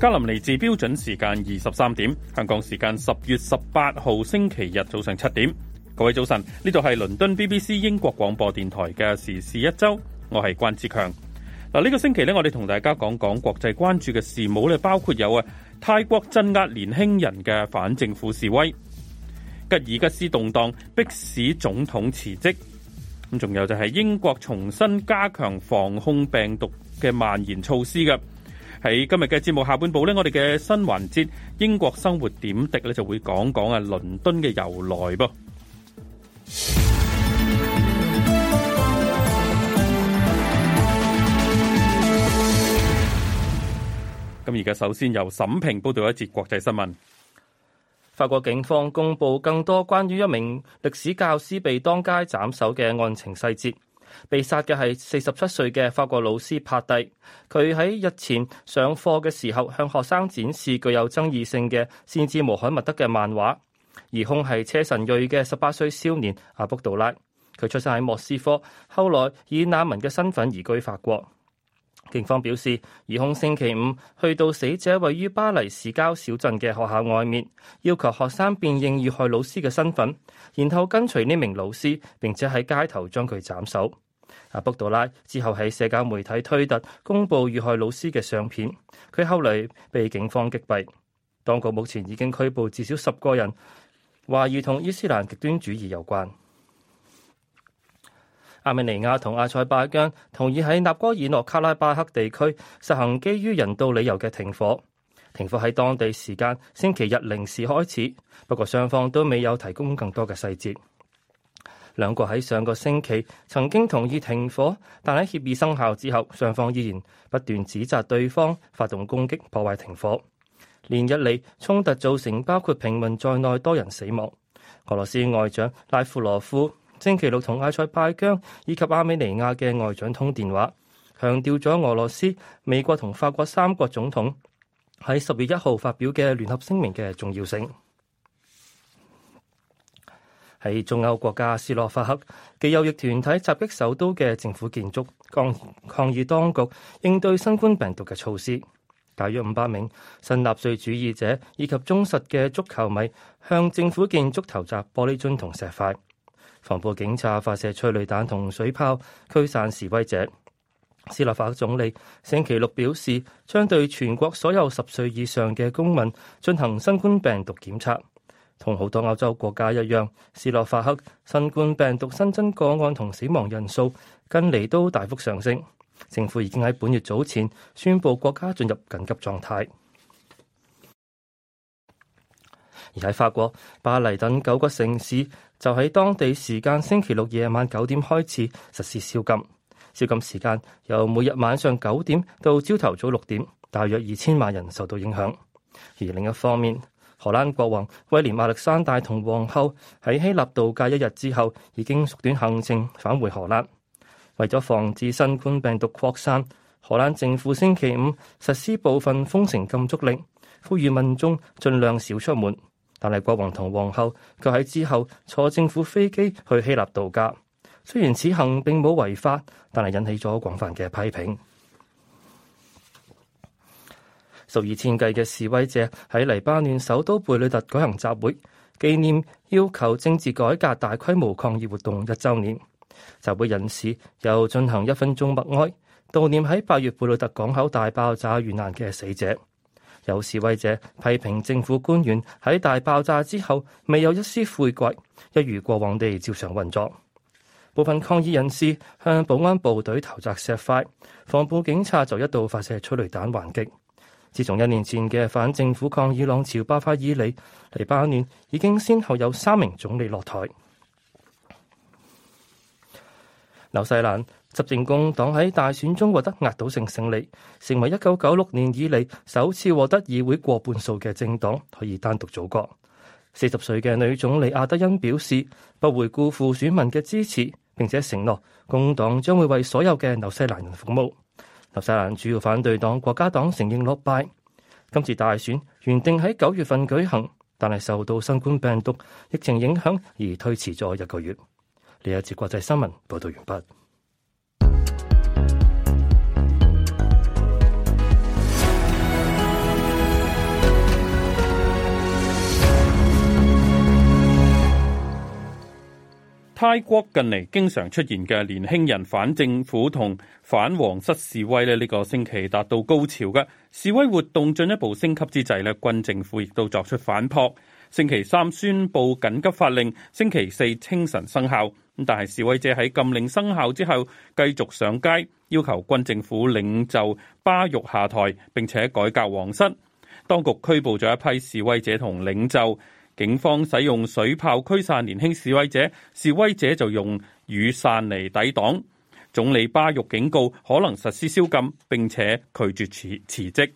加林尼治標準時間二十三點，香港時間十月十八號星期日早上七點。各位早晨，呢度係倫敦 BBC 英國廣播電台嘅時事一周，我係關志強。嗱，呢個星期呢，我哋同大家講講國際關注嘅事務，呢，包括有啊，泰國鎮壓年輕人嘅反政府示威、吉爾吉斯動盪迫使總統辭職，咁仲有就係英國重新加強防控病毒嘅蔓延措施嘅。喺今日嘅節目下半部呢，我哋嘅新環節《英國生活點滴》咧，就會講講啊倫敦嘅由來噃。咁而家首先由沈平報道一節國際新聞。法國警方公布更多關於一名歷史教師被當街斬首嘅案情細節。被殺嘅係四十七歲嘅法國老師帕蒂，佢喺日前上課嘅時候向學生展示具有爭議性嘅先知穆罕默德嘅漫畫；而兇係車臣裔嘅十八歲少年阿卜杜拉，佢出生喺莫斯科，後來以難民嘅身份移居法國。警方表示，疑兇星期五去到死者位於巴黎市郊小鎮嘅學校外面，要求學生辨認遇害老師嘅身份，然後跟隨呢名老師，並且喺街頭將佢斬首。阿卜杜拉之後喺社交媒體推特公布遇害老師嘅相片，佢後來被警方擊斃，當局目前已經拘捕至少十個人，懷疑同伊斯蘭極端主義有關。亞美尼亞同阿塞拜疆同意喺納戈爾諾卡拉巴克地區實行基於人道理由嘅停火，停火喺當地時間星期日零時開始。不過雙方都未有提供更多嘅細節。兩國喺上個星期曾經同意停火，但喺協議生效之後，雙方依然不斷指責對方發動攻擊破壞停火。連日嚟衝突造成包括平民在內多人死亡。俄羅斯外長拉夫羅夫。星期六同阿塞拜疆以及阿美尼亞嘅外長通電話，強調咗俄羅斯、美國同法國三國總統喺十月一號發表嘅聯合聲明嘅重要性。喺中歐國家斯洛伐克，極右翼團體襲擊首都嘅政府建築，抗抗議當局應對新冠病毒嘅措施。大約五百名新納粹主義者以及忠實嘅足球迷向政府建築投擲玻璃樽同石塊。防暴警察發射催淚彈同水炮驅散示威者。斯洛伐克總理星期六表示，將對全國所有十歲以上嘅公民進行新冠病毒檢測。同好多歐洲國家一樣，斯洛伐克新冠病毒新增個案同死亡人數近嚟都大幅上升。政府已經喺本月早前宣布國家進入緊急狀態。而喺法國、巴黎等九個城市，就喺當地時間星期六夜晚九點開始實施宵禁，宵禁時間由每日晚上九點到朝頭早六點，大約二千萬人受到影響。而另一方面，荷蘭國王威廉亞歷山大同皇后喺希臘度假一日之後，已經縮短行程返回荷蘭。為咗防止新冠病毒擴散，荷蘭政府星期五實施部分封城禁足令，呼籲民眾盡量少出門。但係國王同皇后，佢喺之後坐政府飛機去希臘度假。雖然此行並冇違法，但係引起咗廣泛嘅批評。數以千計嘅示威者喺黎巴嫩首都貝魯特舉行集會，紀念要求政治改革大規模抗議活動一周年。集會人士又進行一分鐘默哀，悼念喺八月貝魯特港口大爆炸遇難嘅死者。有示威者批評政府官員喺大爆炸之後未有一絲悔改，一如過往地照常運作。部分抗議人士向保安部隊投擲石塊，防暴警察就一度發射催淚彈還擊。自從一年前嘅反政府抗議浪潮爆發以嚟，黎巴嫩已經先後有三名總理落台。紐西蘭。執政共黨喺大選中獲得壓倒性勝利，成為一九九六年以嚟首次獲得議會過半數嘅政黨可以單獨組閣。四十歲嘅女總理阿德恩表示，不會辜負選民嘅支持，並且承諾共黨將會為所有嘅紐西蘭人服務。紐西蘭主要反對黨國家黨承認落敗。今次大選原定喺九月份舉行，但係受到新冠病毒疫情影響而推遲咗一個月。呢一次國際新聞報道完畢。泰國近嚟經常出現嘅年輕人反政府同反皇室示威咧，呢個星期達到高潮嘅示威活動進一步升級之際咧，軍政府亦都作出反撲。星期三宣布緊急法令，星期四清晨生效。咁但係示威者喺禁令生效之後繼續上街，要求軍政府領袖巴育下台並且改革皇室。當局拘捕咗一批示威者同領袖。警方使用水炮驅散年輕示威者，示威者就用雨傘嚟抵擋。總理巴育警告可能實施宵禁，並且拒絕辭辭職。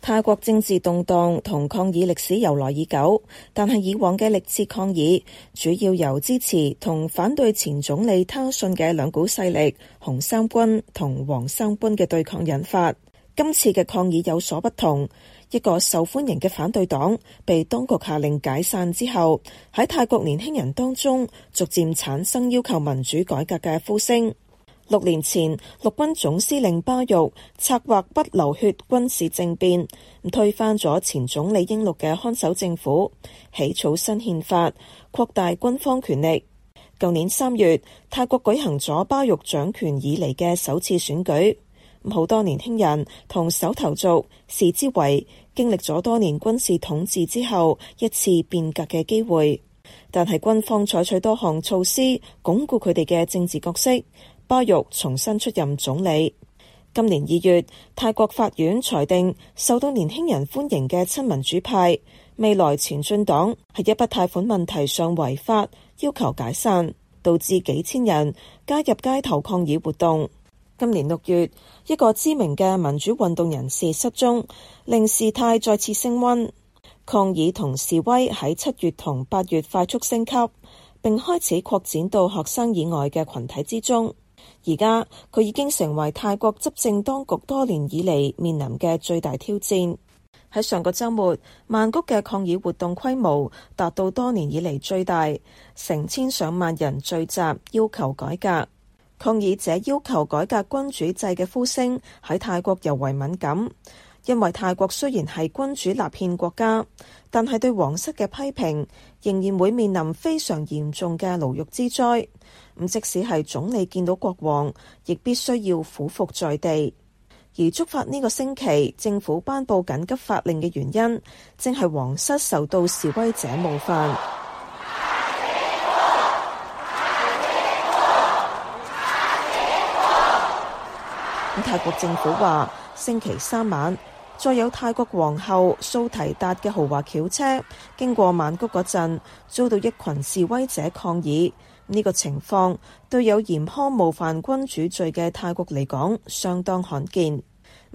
泰國政治動盪同抗議歷史由來已久，但係以往嘅歷次抗議主要由支持同反對前總理他信嘅兩股勢力紅衫軍同黃衫軍嘅對抗引發。今次嘅抗議有所不同。一個受歡迎嘅反對黨被當局下令解散之後，喺泰國年輕人當中逐漸產生要求民主改革嘅呼聲。六年前，陸軍總司令巴育策劃不流血軍事政變，推翻咗前總理英祿嘅看守政府，起草新憲法，擴大軍方權力。舊年三月，泰國舉行咗巴育掌權以嚟嘅首次選舉。好多年輕人同手投族視之為經歷咗多年軍事統治之後一次變革嘅機會，但係軍方採取多項措施鞏固佢哋嘅政治角色。巴育重新出任總理。今年二月，泰國法院裁定受到年輕人歡迎嘅親民主派未來前進黨喺一筆貸款問題上違法，要求解散，導致幾千人加入街頭抗議活動。今年六月，一個知名嘅民主運動人士失蹤，令事態再次升溫。抗議同示威喺七月同八月快速升級，並開始擴展到學生以外嘅群體之中。而家佢已經成為泰國執政當局多年以嚟面臨嘅最大挑戰。喺上個週末，曼谷嘅抗議活動規模達到多年以嚟最大，成千上萬人聚集要求改革。抗議者要求改革君主制嘅呼聲喺泰國尤為敏感，因為泰國雖然係君主立憲國家，但係對皇室嘅批評仍然會面臨非常嚴重嘅牢獄之災。咁即使係總理見到國王，亦必須要俯伏在地。而觸發呢個星期政府頒布緊急法令嘅原因，正係皇室受到示威者冒犯。泰國政府話，星期三晚再有泰國皇后蘇提達嘅豪華轎車經過曼谷嗰陣，遭到一群示威者抗議。呢、這個情況對有嚴苛冒犯君主罪嘅泰國嚟講相當罕見。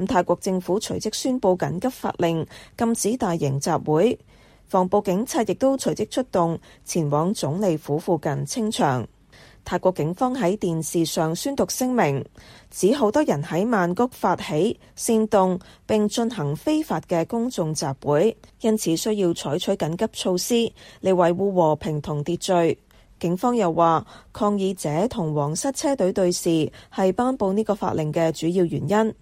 泰國政府隨即宣布緊急法令，禁止大型集會，防暴警察亦都隨即出動前往總理府附近清場。泰國警方喺電視上宣讀聲明。指好多人喺曼谷發起煽動並進行非法嘅公眾集會，因此需要採取緊急措施嚟維護和平同秩序。警方又話抗議者同皇室車隊對視，係頒布呢個法令嘅主要原因。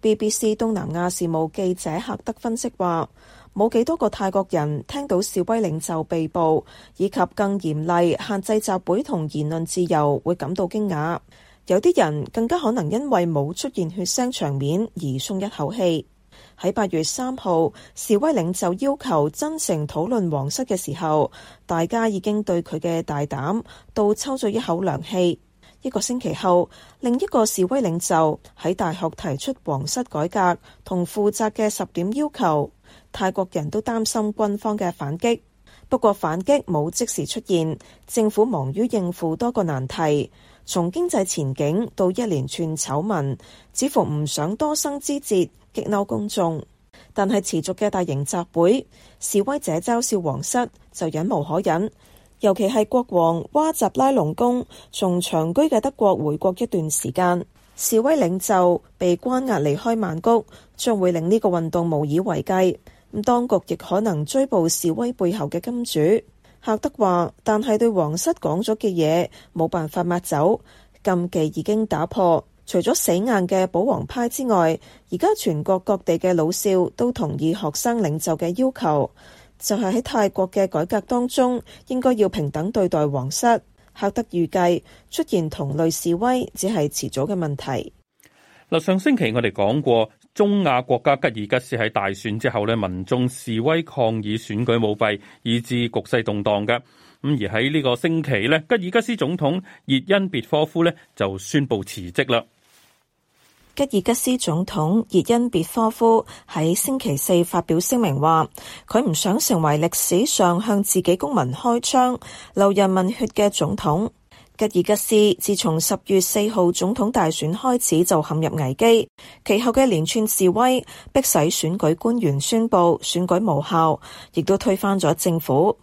BBC 東南亞事務記者赫德分析話，冇幾多個泰國人聽到示威領袖被捕，以及更嚴厲限制集會同言論自由，會感到驚訝。有啲人更加可能因為冇出現血腥場面而鬆一口氣。喺八月三號，示威領袖要求真誠討論皇室嘅時候，大家已經對佢嘅大膽都抽咗一口涼氣。一個星期後，另一個示威領袖喺大學提出皇室改革同負責嘅十點要求，泰國人都擔心軍方嘅反擊。不過反擊冇即時出現，政府忙於應付多個難題。從經濟前景到一連串醜聞，似乎唔想多生枝節激嬲公眾，但係持續嘅大型集會，示威者嘲笑皇室就忍無可忍。尤其係國王瓦吉拉隆功從長居嘅德國回國一段時間，示威領袖被關押離開曼谷，將會令呢個運動無以為繼。咁當局亦可能追捕示威背後嘅金主。克德話，但係對皇室講咗嘅嘢冇辦法抹走，禁忌已經打破。除咗死硬嘅保皇派之外，而家全國各地嘅老少都同意學生領袖嘅要求，就係喺泰國嘅改革當中應該要平等對待皇室。克德預計出現同類示威只係遲早嘅問題。嗱，上星期我哋講過。中亞國家吉爾吉斯喺大選之後咧，民眾示威抗議選舉舞弊，以致局勢動盪嘅咁。而喺呢個星期咧，吉爾吉斯總統熱恩別科夫咧就宣佈辭職啦。吉爾吉斯總統熱恩別科夫喺星期四發表聲明話，佢唔想成為歷史上向自己公民開槍，流人民血嘅總統。吉爾吉斯自從十月四號總統大選開始就陷入危機，其後嘅連串示威迫使選舉官員宣布選舉無效，亦都推翻咗政府。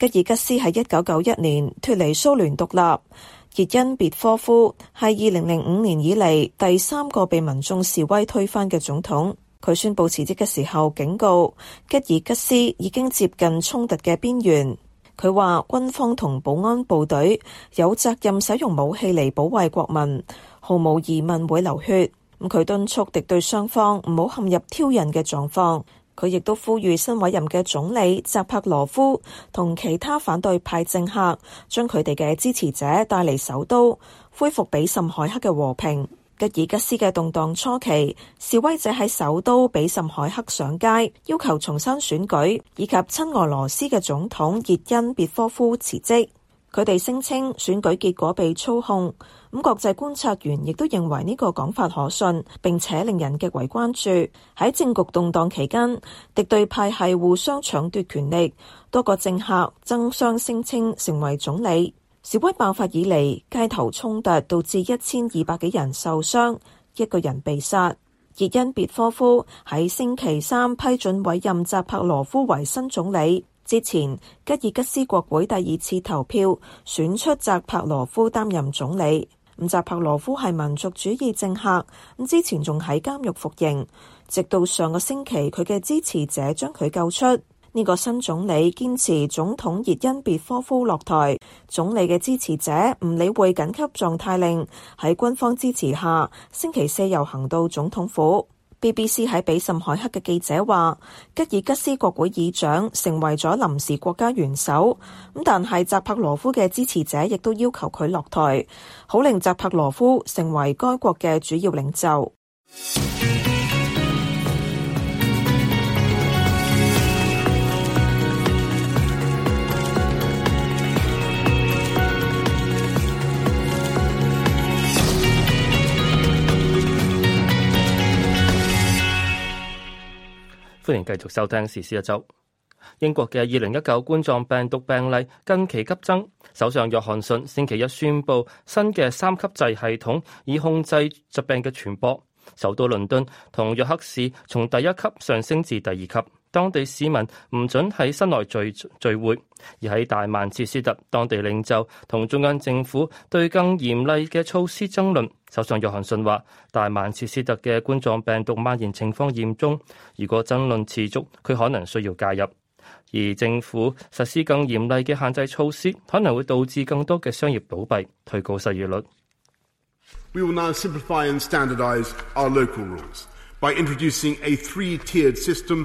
吉爾吉斯喺一九九一年脱離蘇聯獨立，熱恩別科夫係二零零五年以嚟第三個被民眾示威推翻嘅總統。佢宣布辭職嘅時候警告，吉爾吉斯已經接近衝突嘅邊緣。佢話軍方同保安部隊有責任使用武器嚟保衛國民，毫無疑問會流血。佢敦促敵對雙方唔好陷入挑釁嘅狀況。佢亦都呼籲新委任嘅總理扎帕羅夫同其他反對派政客將佢哋嘅支持者帶嚟首都，恢復比什凱克嘅和平。吉爾吉斯嘅動盪初期，示威者喺首都比什凱克上街，要求重新選舉，以及親俄羅斯嘅總統熱恩別科夫辭職。佢哋聲稱選舉結果被操控，咁國際觀察員亦都認為呢個講法可信，並且令人極為關注。喺政局動盪期間，敵對派系互相搶奪權力，多個政客爭相聲稱成為總理。示威爆發以嚟，街頭衝突導致一千二百幾人受傷，一個人被殺。熱恩別科夫喺星期三批准委任扎帕羅夫為新總理之前，吉爾吉斯國會第二次投票選出扎帕羅夫擔任總理。咁扎帕羅夫係民族主義政客，咁之前仲喺監獄服刑，直到上個星期佢嘅支持者將佢救出。呢個新總理堅持總統熱恩別科夫落台，總理嘅支持者唔理會緊急狀態令，喺軍方支持下，星期四遊行到總統府。BBC 喺比什海克嘅記者話，吉爾吉斯國會議長成為咗臨時國家元首，咁但係扎帕羅夫嘅支持者亦都要求佢落台，好令扎帕羅夫成為該國嘅主要領袖。歡迎繼續收聽時事一周。英國嘅二零一九冠狀病毒病例近期急增，首相約翰遜星期一宣布新嘅三級制系統，以控制疾病嘅傳播，首都倫敦同約克市從第一級上升至第二級。當地市民唔准喺室內聚聚會，而喺大曼徹斯特，當地領袖同中央政府對更嚴厲嘅措施爭論。首相約翰遜話：大曼徹斯特嘅冠狀病毒蔓延情況嚴重，如果爭論持續，佢可能需要介入。而政府實施更嚴厲嘅限制措施，可能會導致更多嘅商業倒閉、推高失業率。We will now simplify and standardise our local rules by introducing a three-tiered system.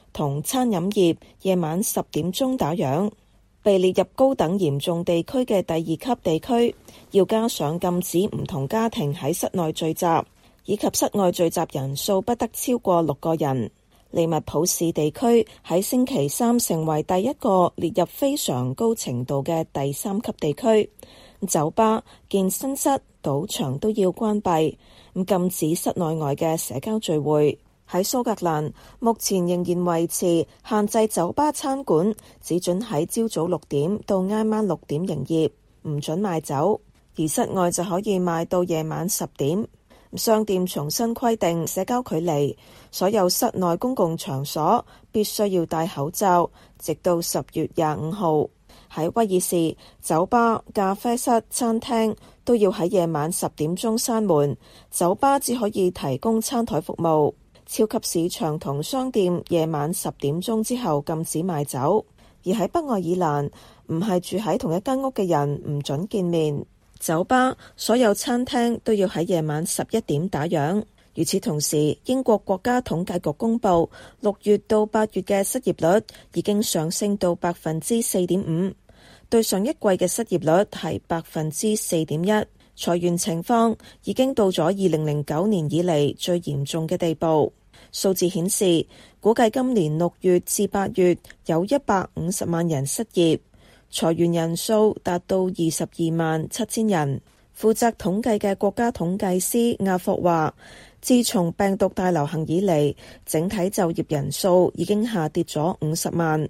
同餐飲業夜晚十點鐘打烊，被列入高等嚴重地區嘅第二級地區，要加上禁止唔同家庭喺室內聚集，以及室外聚集人數不得超過六個人。利物浦市地區喺星期三成為第一個列入非常高程度嘅第三級地區，酒吧、健身室、賭場都要關閉，禁止室內外嘅社交聚會。喺蘇格蘭，目前仍然維持限制酒吧餐館、餐館只准喺朝早六點到挨晚六點營業，唔准賣酒；而室外就可以賣到夜晚十點。商店重新規定社交距離，所有室內公共場所必須要戴口罩，直到十月廿五號。喺威爾士，酒吧、咖啡室、餐廳都要喺夜晚十點鐘閂門，酒吧只可以提供餐台服務。超級市場同商店夜晚十點鐘之後禁止賣酒，而喺北愛爾蘭，唔係住喺同一間屋嘅人唔准見面。酒吧所有餐廳都要喺夜晚十一點打烊。與此同時，英國國家統計局公布六月到八月嘅失業率已經上升到百分之四點五，對上一季嘅失業率係百分之四點一，裁員情況已經到咗二零零九年以嚟最嚴重嘅地步。數字顯示，估計今年六月至八月有一百五十萬人失業，裁員人數達到二十二萬七千人。負責統計嘅國家統計師亞福話，自從病毒大流行以嚟，整體就業人數已經下跌咗五十萬。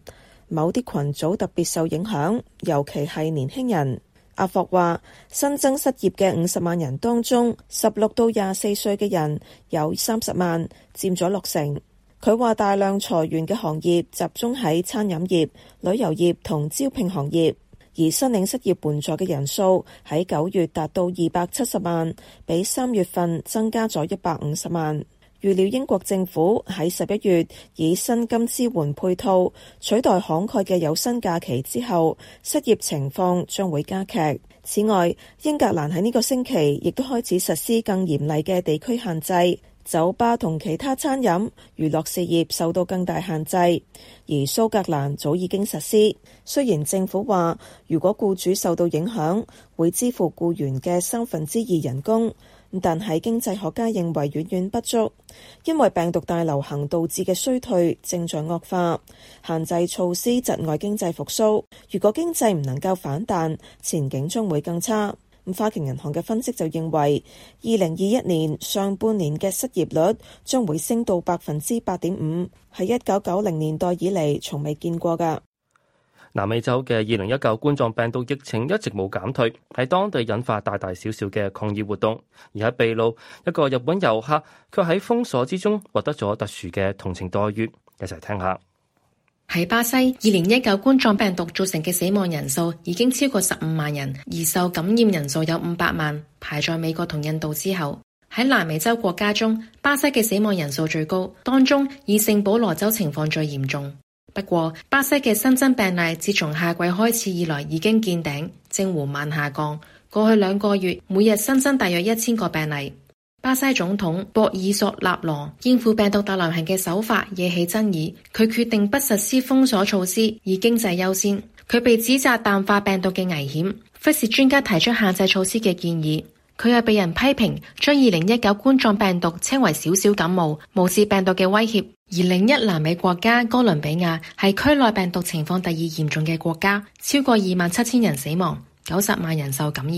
某啲群組特別受影響，尤其係年輕人。阿霍話，新增失業嘅五十萬人當中，十六到廿四歲嘅人有三十萬，佔咗六成。佢話大量裁員嘅行業集中喺餐飲業、旅遊業同招聘行業，而申領失業援助嘅人數喺九月達到二百七十萬，比三月份增加咗一百五十萬。預料英國政府喺十一月以薪金支援配套取代慷慨嘅有薪假期之後，失業情況將會加劇。此外，英格蘭喺呢個星期亦都開始實施更嚴厲嘅地區限制，酒吧同其他餐飲娛樂事業受到更大限制。而蘇格蘭早已經實施，雖然政府話如果僱主受到影響，會支付僱員嘅三分之二人工。但係經濟學家認為遠遠不足，因為病毒大流行導致嘅衰退正在惡化，限制措施窒礙經濟復甦。如果經濟唔能夠反彈，前景將會更差。咁花旗銀行嘅分析就認為，二零二一年上半年嘅失業率將會升到百分之八點五，係一九九零年代以嚟從未見過㗎。南美洲嘅二零一九冠狀病毒疫情一直冇減退，喺當地引發大大小小嘅抗議活動。而喺秘魯，一個日本遊客卻喺封鎖之中獲得咗特殊嘅同情待遇。一齊聽下。喺巴西，二零一九冠狀病毒造成嘅死亡人數已經超過十五萬人，而受感染人數有五百萬，排在美國同印度之後。喺南美洲國家中，巴西嘅死亡人數最高，當中以聖保羅州情況最嚴重。不過，巴西嘅新增病例自從夏季開始以來已經見頂，正緩慢下降。過去兩個月，每日新增大約一千個病例。巴西總統博爾索納羅應付病毒大流行嘅手法惹起爭議。佢決定不實施封鎖措施，以經濟優先。佢被指責淡化病毒嘅危險，忽視專家提出限制措施嘅建議。佢又被人批評將二零一九冠狀病毒稱為小小感冒，無視病毒嘅威脅。而另一南美國家哥倫比亞係區內病毒情況第二嚴重嘅國家，超過二萬七千人死亡，九十萬人受感染。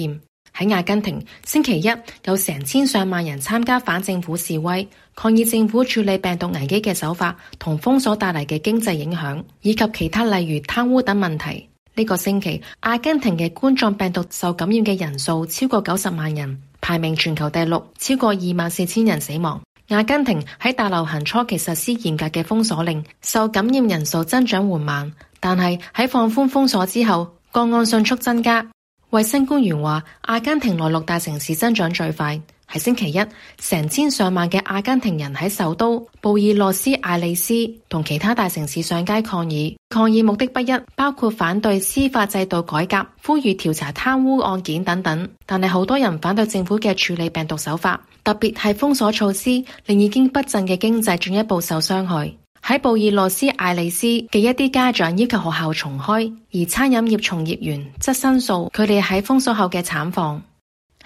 喺阿根廷，星期一有成千上萬人參加反政府示威，抗議政府處理病毒危機嘅手法同封鎖帶嚟嘅經濟影響以及其他例如貪污等問題。呢個星期，阿根廷嘅冠狀病毒受感染嘅人數超過九十萬人，排名全球第六，超過二萬四千人死亡。阿根廷喺大流行初期實施嚴格嘅封鎖令，受感染人數增長緩慢。但係喺放寬封鎖之後，個案迅速增加。衛生官員話，阿根廷內陸大城市增長最快。喺星期一，成千上萬嘅阿根廷人喺首都布宜諾斯艾利斯同其他大城市上街抗議，抗議目的不一，包括反對司法制度改革、呼籲調查貪污案件等等。但係好多人反對政府嘅處理病毒手法，特別係封鎖措施令已經不振嘅經濟進一步受傷害。喺布宜諾斯艾利斯嘅一啲家長要求學校重開，而餐飲業從業員則申訴佢哋喺封鎖後嘅慘況。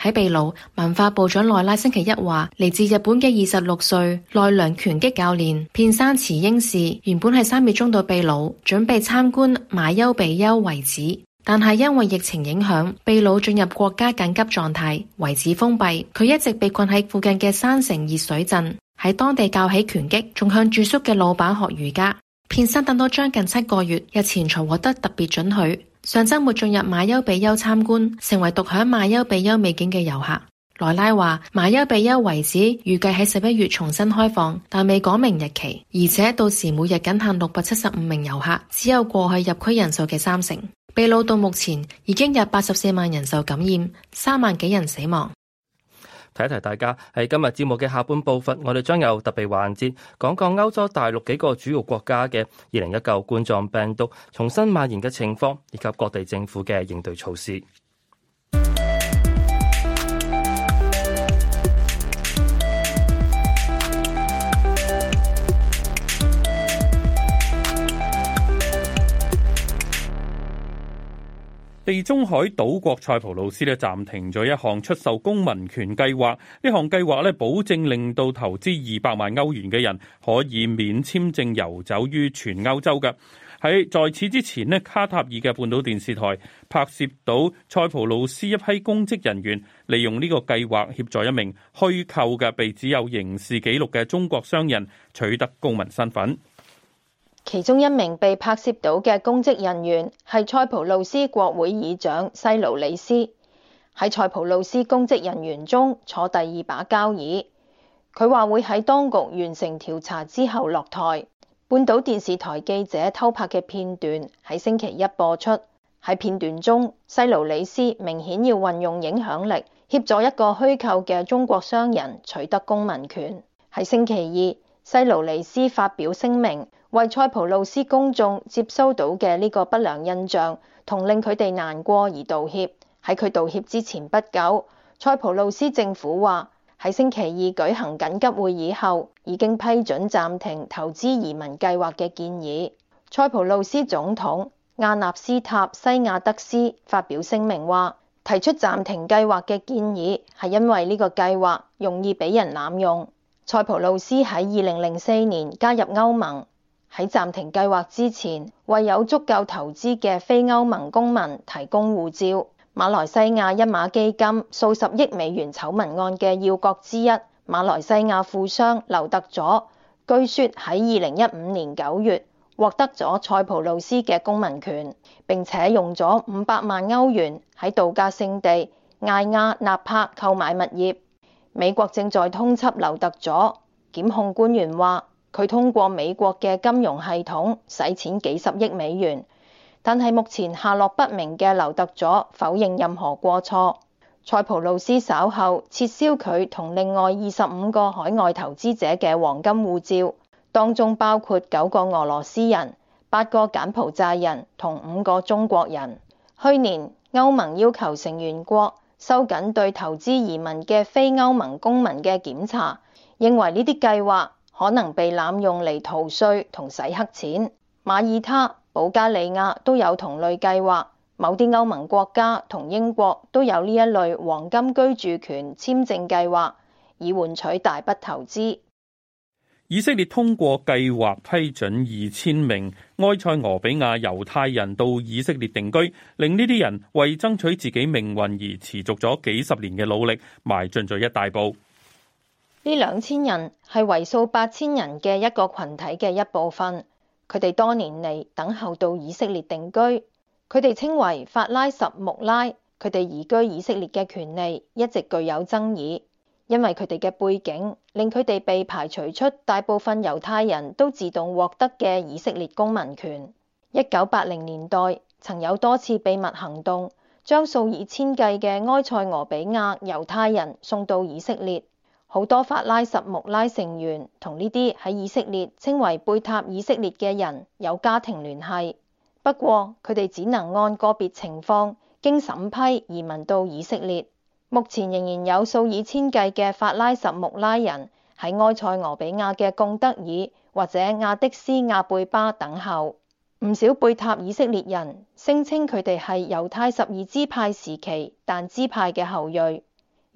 喺秘魯，文化部長內拉星期一話，嚟自日本嘅二十六歲奈良拳擊教練片山慈英氏原本係三月中到秘魯，準備參觀馬丘比丘遺址，但係因為疫情影響，秘魯進入國家緊急狀態，遺址封閉，佢一直被困喺附近嘅山城熱水鎮，喺當地教起拳擊，仲向住宿嘅老闆學瑜伽。健身等待將近七個月，日前才獲得特別准許，上周末進入馬丘比丘參觀，成為獨享馬丘比丘美景嘅遊客。萊拉話，馬丘比丘遺址預計喺十一月重新開放，但未講明日期，而且到時每日僅限六百七十五名遊客，只有過去入區人數嘅三成。秘魯到目前已經有八十四萬人受感染，三萬幾人死亡。提一提大家，喺今日節目嘅下半部分，我哋將有特別環節，講講歐洲大陸幾個主要國家嘅二零一九冠狀病毒重新蔓延嘅情況，以及各地政府嘅應對措施。地中海島國塞浦路斯咧暫停咗一項出售公民權計劃。呢項計劃咧，保證令到投資二百萬歐元嘅人可以免簽證遊走於全歐洲嘅。喺在，在此之前咧，卡塔爾嘅半島電視台拍攝到塞浦路斯一批公職人員利用呢個計劃協助一名虛構嘅被指有刑事記錄嘅中國商人取得公民身份。其中一名被拍攝到嘅公職人員係塞浦路斯國會議長西盧里斯，喺塞浦路斯公職人員中坐第二把交椅。佢話會喺當局完成調查之後落台。半島電視台記者偷拍嘅片段喺星期一播出，喺片段中西盧里斯明顯要運用影響力協助一個虛構嘅中國商人取得公民權。喺星期二，西盧里斯發表聲明。為塞浦路斯公眾接收到嘅呢個不良印象同令佢哋難過而道歉。喺佢道歉之前不久，塞浦路斯政府話喺星期二舉行緊急會議後，已經批准暫停投資移民計劃嘅建議。塞浦路斯總統亞納斯塔西亞德斯發表聲明話，提出暫停計劃嘅建議係因為呢個計劃容易俾人濫用。塞浦路斯喺二零零四年加入歐盟。喺暫停計劃之前，為有足夠投資嘅非歐盟公民提供護照。馬來西亞一馬基金數十億美元醜聞案嘅要角之一，馬來西亞富商劉特佐，據說喺二零一五年九月獲得咗塞浦路斯嘅公民權，並且用咗五百萬歐元喺度假勝地艾亞納帕購買物業。美國正在通緝劉特佐，檢控官員話。佢通過美國嘅金融系統洗錢幾十億美元，但係目前下落不明嘅劉特佐否認任何過錯。塞浦路斯稍後撤銷佢同另外二十五個海外投資者嘅黃金護照，當中包括九個俄羅斯人、八個柬埔寨人同五個中國人。去年歐盟要求成員國收緊對投資移民嘅非歐盟公民嘅檢查，認為呢啲計劃，可能被濫用嚟逃稅同洗黑錢，馬耳他、保加利亞都有同類計劃，某啲歐盟國家同英國都有呢一類黃金居住權簽證計劃，以換取大筆投資。以色列通過計劃批准二千名埃塞俄比亞猶太人到以色列定居，令呢啲人為爭取自己命運而持續咗幾十年嘅努力，邁進咗一大步。呢兩千人係為數八千人嘅一個群體嘅一部分，佢哋多年嚟等候到以色列定居，佢哋稱為法拉什穆拉，佢哋移居以色列嘅權利一直具有爭議，因為佢哋嘅背景令佢哋被排除出大部分猶太人都自動獲得嘅以色列公民權。一九八零年代曾有多次秘密行動，將數以千計嘅埃塞俄比亞猶太人送到以色列。好多法拉什穆拉成員同呢啲喺以色列稱為貝塔以色列嘅人有家庭聯繫，不過佢哋只能按個別情況經審批移民到以色列。目前仍然有數以千計嘅法拉什穆拉人喺埃塞俄比亞嘅貢德爾或者亞的斯亞貝巴等候。唔少貝塔以色列人聲稱佢哋係猶太十二支派時期但支派嘅後裔。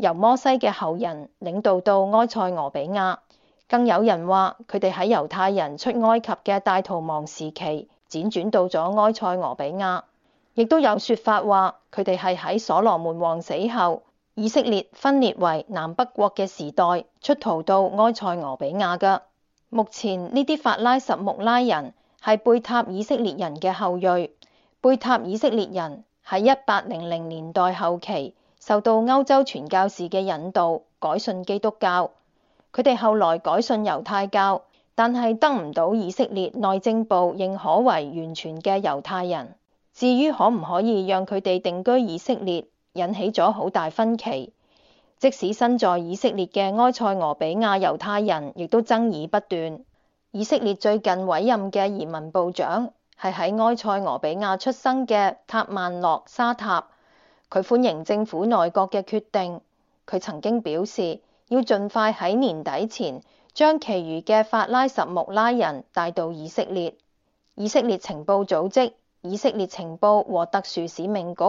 由摩西嘅後人領導到埃塞俄比亞，更有人話佢哋喺猶太人出埃及嘅大逃亡時期輾轉到咗埃塞俄比亞，亦都有說法話佢哋係喺所羅門王死後以色列分裂為南北國嘅時代出逃到埃塞俄比亞嘅。目前呢啲法拉什木拉人係貝塔以色列人嘅後裔，貝塔以色列人喺一八零零年代後期。受到歐洲傳教士嘅引導，改信基督教。佢哋後來改信猶太教，但係得唔到以色列內政部認可為完全嘅猶太人。至於可唔可以讓佢哋定居以色列，引起咗好大分歧。即使身在以色列嘅埃塞俄比亞猶太人，亦都爭議不斷。以色列最近委任嘅移民部長，係喺埃塞俄比亞出生嘅塔曼諾沙塔。佢歡迎政府內閣嘅決定。佢曾經表示，要盡快喺年底前將其餘嘅法拉什穆拉人帶到以色列。以色列情報組織、以色列情報和特殊使命局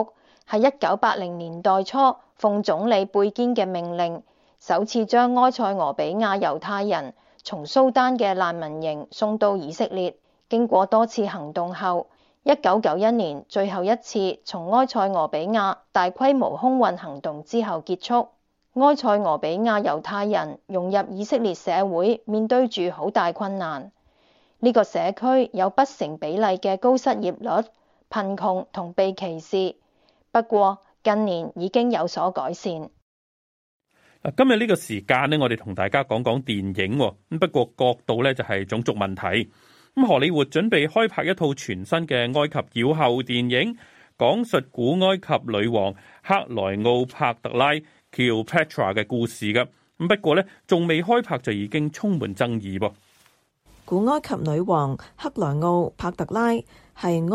係一九八零年代初奉總理貝堅嘅命令，首次將埃塞俄比亞猶太人從蘇丹嘅難民營送到以色列。經過多次行動後，一九九一年，最後一次從埃塞俄比亞大規模空運行動之後結束。埃塞俄比亞猶太人融入以色列社會，面對住好大困難。呢、這個社區有不成比例嘅高失業率、貧窮同被歧視。不過近年已經有所改善。今日呢個時間咧，我哋同大家講講電影咁，不過角度咧就係種族問題。咁，荷里活準備開拍一套全新嘅埃及妖后電影，講述古埃及女王克萊奧帕特拉 Cleopatra 嘅故事噶。咁不過咧，仲未開拍就已經充滿爭議噃。古埃及女王克萊奧帕特拉係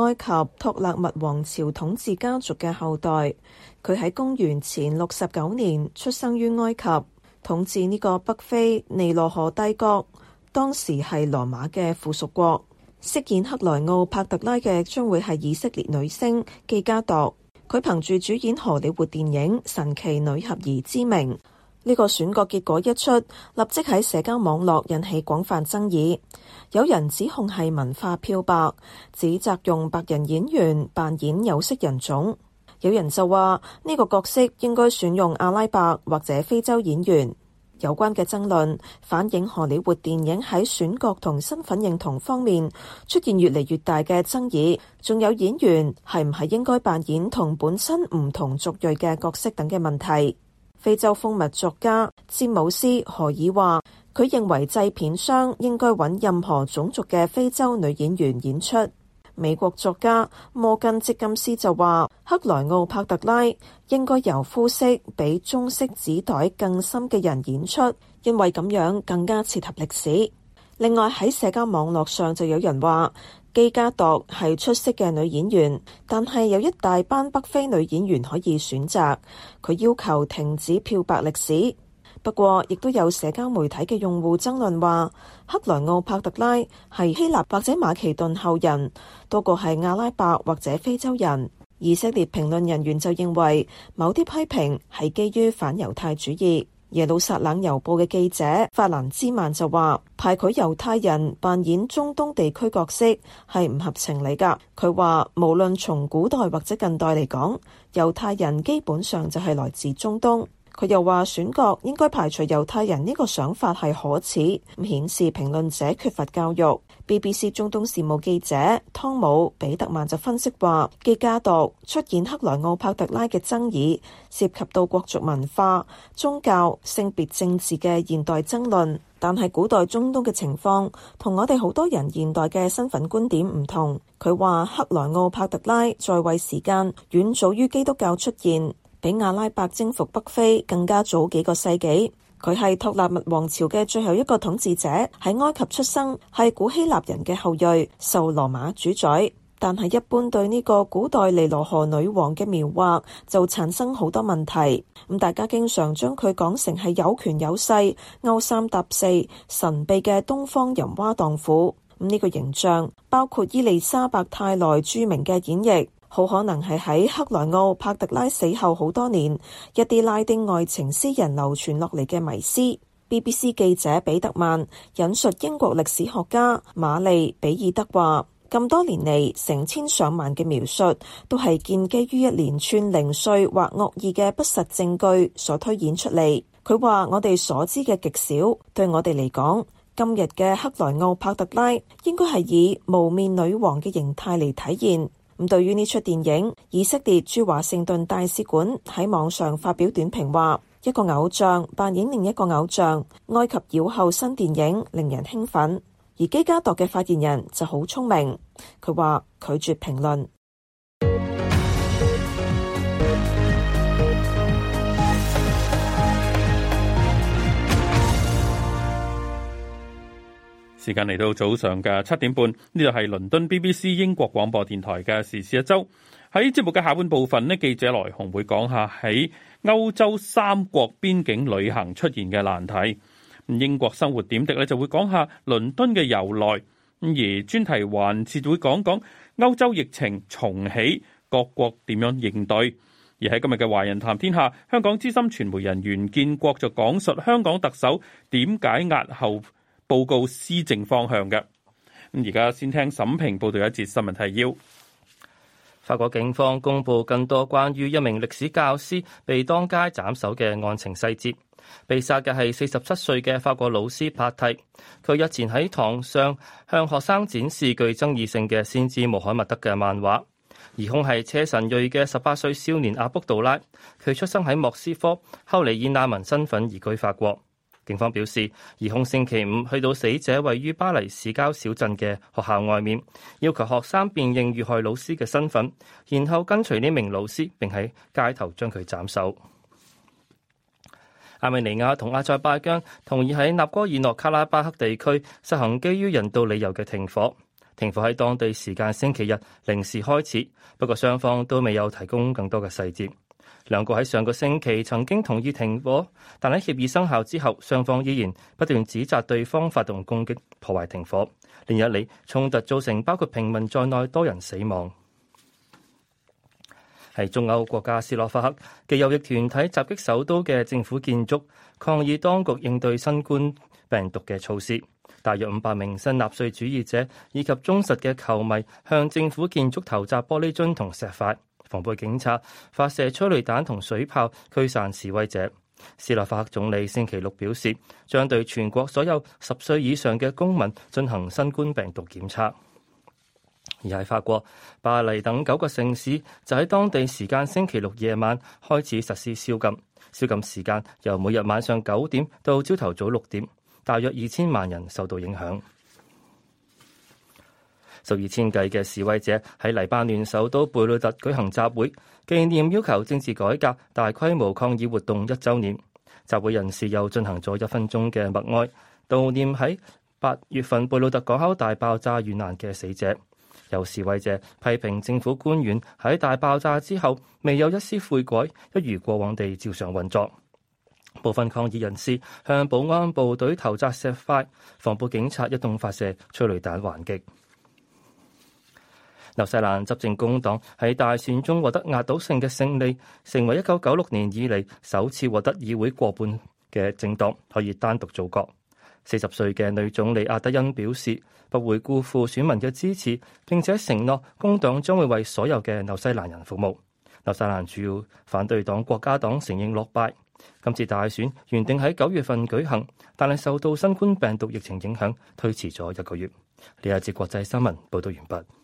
埃及托勒密王朝統治家族嘅後代，佢喺公元前六十九年出生於埃及，統治呢個北非尼羅河帝國。當時係羅馬嘅附屬國，飾演克萊奧帕特拉嘅將會係以色列女星基加度。佢憑住主演荷里活電影《神奇女俠》而知名，呢個選角結果一出，立即喺社交網絡引起廣泛爭議。有人指控係文化漂白，指責用白人演員扮演有色人種；有人就話呢個角色應該選用阿拉伯或者非洲演員。有關嘅爭論反映荷里活電影喺選角同身份認同方面出現越嚟越大嘅爭議，仲有演員係唔係應該扮演同本身唔同族裔嘅角色等嘅問題。非洲風物作家詹姆斯何爾話，佢認為製片商應該揾任何種族嘅非洲女演員演出。美國作家摩根·積金斯就話，克萊奧·帕特拉應該由膚色比棕色紙袋更深嘅人演出，因為咁樣更加切合歷史。另外喺社交網絡上就有人話，基加朵係出色嘅女演員，但係有一大班北非女演員可以選擇。佢要求停止漂白歷史。不過，亦都有社交媒體嘅用戶爭論話，克萊奧帕特拉係希臘或者馬其頓後人，多過係阿拉伯或者非洲人。以色列評論人員就認為，某啲批評係基於反猶太主義。耶路撒冷郵報嘅記者法蘭茲曼就話，派佢猶太人扮演中東地區角色係唔合情理噶。佢話，無論從古代或者近代嚟講，猶太人基本上就係來自中東。佢又話：選角應該排除猶太人呢個想法係可恥，顯示評論者缺乏教育。BBC 中東事務記者湯姆比特曼就分析話，基加道出現克萊奧帕特拉嘅爭議，涉及到國族文化、宗教、性別、政治嘅現代爭論，但係古代中東嘅情況同我哋好多人現代嘅身份觀點唔同。佢話：克萊奧帕特拉在位時間遠早於基督教出現。比阿拉伯征服北非更加早幾個世紀，佢係托勒密王朝嘅最後一個統治者，喺埃及出生，係古希臘人嘅後裔，受羅馬主宰。但係一般對呢個古代尼羅河女王嘅描畫就產生好多問題。咁大家經常將佢講成係有權有勢、勾三搭四、神秘嘅東方淫娃蕩婦。咁、這、呢個形象包括伊麗莎白泰萊著名嘅演繹。好可能係喺克萊奧帕特拉死後好多年，一啲拉丁愛情詩人流傳落嚟嘅迷思。BBC 記者彼特曼引述英國歷史學家瑪麗比爾德話：咁多年嚟，成千上萬嘅描述都係建基於一連串零碎或惡意嘅不實證據所推演出嚟。佢話我哋所知嘅極少，對我哋嚟講，今日嘅克萊奧帕特拉應該係以無面女王嘅形態嚟體現。咁對於呢出電影，以色列駐華盛頓大使館喺網上發表短評話：一個偶像扮演另一個偶像，埃及妖后新電影令人興奮。而基加多嘅發言人就好聰明，佢話拒絕評論。時間嚟到早上嘅七點半，呢度係倫敦 BBC 英國廣播電台嘅時事一周。喺節目嘅下半部分呢，記者來鴻會講下喺歐洲三國邊境旅行出現嘅難題。英國生活點滴咧，就會講下倫敦嘅由來。而專題環節會講講歐洲疫情重起，各國點樣應對。而喺今日嘅華人談天下，香港資深傳媒人袁建國就講述香港特首點解押後。報告施政方向嘅。咁，而家先聽審評報道一節新聞提要。法國警方公布更多關於一名歷史教師被當街斬首嘅案情細節。被殺嘅係四十七歲嘅法國老師帕蒂。佢日前喺堂上向學生展示具爭議性嘅先知穆罕默德嘅漫畫。疑凶係車臣裔嘅十八歲少年阿卜杜拉。佢出生喺莫斯科，後嚟以難民身份移居法國。警方表示，疑兇星期五去到死者位於巴黎市郊小鎮嘅學校外面，要求學生辨認遇害老師嘅身份，然後跟隨呢名老師並喺街頭將佢斬首。亞美尼亞同阿塞拜疆同意喺納戈爾諾卡拉巴克地區實行基於人道理由嘅停火，停火喺當地時間星期日零時開始，不過雙方都未有提供更多嘅細節。兩國喺上個星期曾經同意停火，但喺協議生效之後，雙方依然不斷指責對方發動攻擊，破壞停火。連日嚟衝突造成包括平民在內多人死亡。係中歐國家斯洛伐克嘅右翼團體襲擊首都嘅政府建築，抗議當局應對新冠病毒嘅措施。大約五百名新納粹主義者以及忠實嘅球迷向政府建築投擲玻璃樽同石塊。防暴警察發射催淚彈同水炮驅散示威者。斯洛伐克總理星期六表示，將對全國所有十歲以上嘅公民進行新冠病毒檢測，而喺法國巴黎等九個城市就喺當地時間星期六夜晚開始實施宵禁，宵禁時間由每日晚上九點到朝頭早六點，大約二千萬人受到影響。數以千計嘅示威者喺黎巴嫩首都貝魯特舉行集會，紀念要求政治改革大規模抗議活動一週年。集會人士又進行咗一分鐘嘅默哀，悼念喺八月份貝魯特港口大爆炸遇難嘅死者。有示威者批評政府官員喺大爆炸之後未有一絲悔改，一如過往地照常運作。部分抗議人士向保安部隊投擲石塊，防暴警察一同發射催淚彈還擊。紐西蘭執政工黨喺大選中獲得壓倒性嘅勝利，成為一九九六年以嚟首次獲得議會過半嘅政黨，可以單獨組閣。四十歲嘅女總理阿德恩表示，不會辜負選民嘅支持，並且承諾工黨將會為所有嘅紐西蘭人服務。紐西蘭主要反對黨國家黨承認落敗。今次大選原定喺九月份舉行，但係受到新冠病毒疫情影響，推遲咗一個月。呢一節國際新聞報道完畢。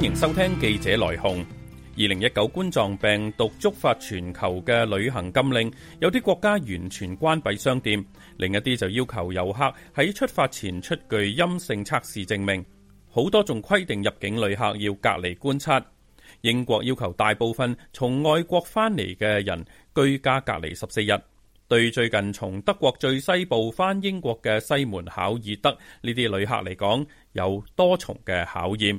歡迎收聽記者來鴻。二零一九冠狀病毒觸發全球嘅旅行禁令，有啲國家完全關閉商店，另一啲就要求遊客喺出發前出具陰性測試證明。好多仲規定入境旅客要隔離觀察。英國要求大部分從外國翻嚟嘅人居家隔離十四日。對最近從德國最西部翻英國嘅西門考爾德呢啲旅客嚟講，有多重嘅考驗。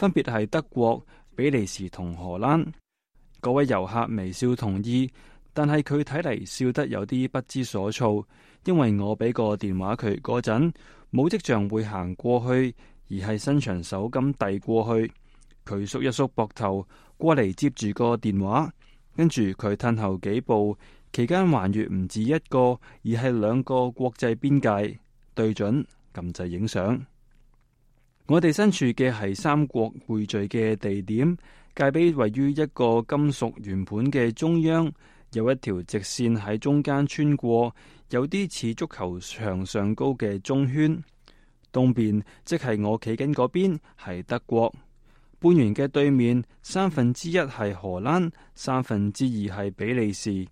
分別係德國、比利時同荷蘭。各位遊客微笑同意，但係佢睇嚟笑得有啲不知所措，因為我俾個電話佢嗰陣，冇跡象會行過去，而係伸長手咁遞過去。佢縮一縮膊頭，過嚟接住個電話，跟住佢褪後幾步，期間橫越唔止一個，而係兩個國際邊界，對準撳制影相。我哋身處嘅係三國匯聚嘅地點，界碑位於一個金屬圓盤嘅中央，有一條直線喺中間穿過，有啲似足球場上，上高嘅中圈。東邊即係我企緊嗰邊，係德國。半圓嘅對面，三分之一係荷蘭，三分之二係比利時。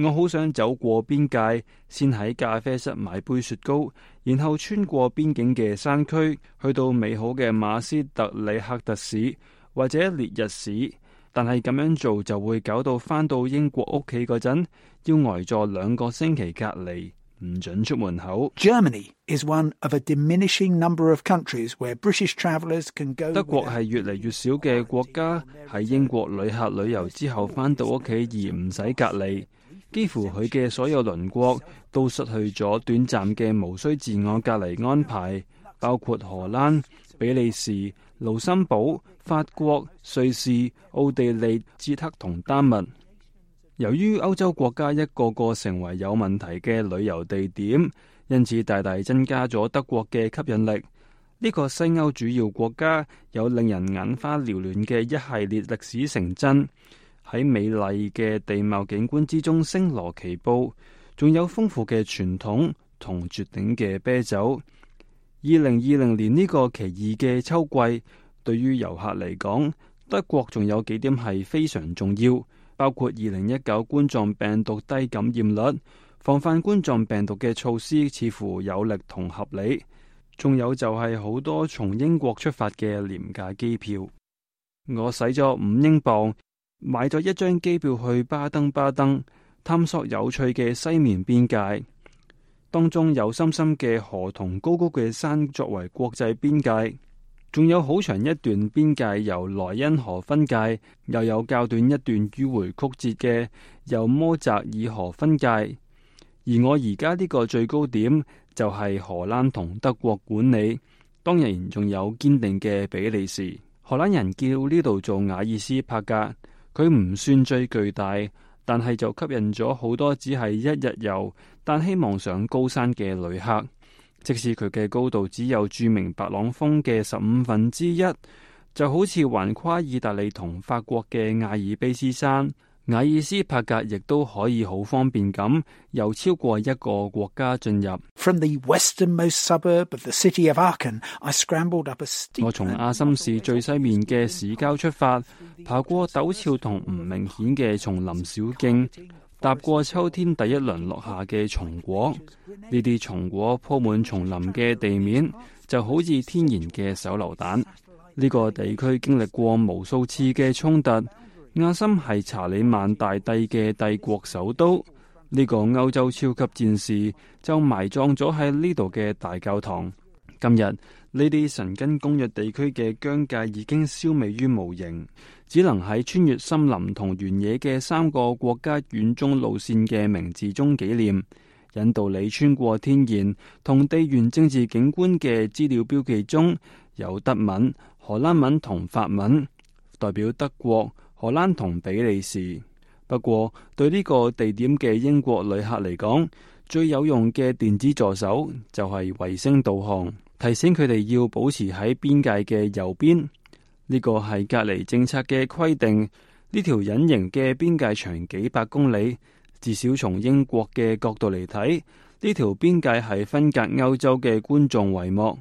我好想走過邊界，先喺咖啡室買杯雪糕，然後穿過邊境嘅山區，去到美好嘅馬斯特里克特市或者列日市。但係咁樣做就會搞到翻到英國屋企嗰陣要呆坐兩個星期隔離，唔准出門口。Germany is one of a diminishing number of countries where British travellers can go。德國係越嚟越少嘅國家喺英國旅客旅遊之後翻到屋企而唔使隔離。幾乎佢嘅所有鄰國都失去咗短暫嘅無需自我隔離安排，包括荷蘭、比利時、盧森堡、法國、瑞士、奧地利、捷克同丹麥。由於歐洲國家一個個成為有問題嘅旅遊地點，因此大大增加咗德國嘅吸引力。呢個西歐主要國家有令人眼花撩亂嘅一系列歷史成真。喺美麗嘅地貌景觀之中星羅棋布，仲有豐富嘅傳統同絕頂嘅啤酒。二零二零年呢個奇異嘅秋季，對於遊客嚟講，德國仲有幾點係非常重要，包括二零一九冠狀病毒低感染率，防範冠狀病毒嘅措施似乎有力同合理，仲有就係好多從英國出發嘅廉價機票。我使咗五英鎊。買咗一張機票去巴登巴登探索有趣嘅西面邊界當中，有深深嘅河同高高嘅山作為國際邊界，仲有好長一段邊界由萊茵河分界，又有較短一段迂回曲折嘅由摩扎爾河分界。而我而家呢個最高點就係荷蘭同德國管理，當然仲有堅定嘅比利時。荷蘭人叫呢度做瓦爾斯帕格。佢唔算最巨大，但係就吸引咗好多只係一日遊，但希望上高山嘅旅客。即使佢嘅高度只有著名白朗峰嘅十五分之一，就好似橫跨意大利同法國嘅阿爾卑斯山。瓦爾斯帕格亦都可以好方便咁，由超過一個國家進入。我從阿森市最西面嘅市郊出發，爬過陡峭同唔明顯嘅松林小徑，踏過秋天第一輪落下嘅松果。呢啲松果鋪滿松林嘅地面，就好似天然嘅手榴彈。呢個地區經歷過無數次嘅衝突。亞琛係查理曼大帝嘅帝國首都，呢、這個歐洲超級戰士就埋葬咗喺呢度嘅大教堂。今日呢啲申根公約地區嘅疆界已經消弭於無形，只能喺穿越森林同原野嘅三個國家遠中路線嘅名字中紀念。引導你穿過天然同地緣政治景觀嘅資料標記中有德文、荷蘭文同法文，代表德國。荷蘭同比利時。不過對呢個地點嘅英國旅客嚟講，最有用嘅電子助手就係衛星導航，提醒佢哋要保持喺邊界嘅右邊。呢個係隔離政策嘅規定。呢條隱形嘅邊界長幾百公里，至少從英國嘅角度嚟睇，呢條邊界係分隔歐洲嘅觀眾帷幕。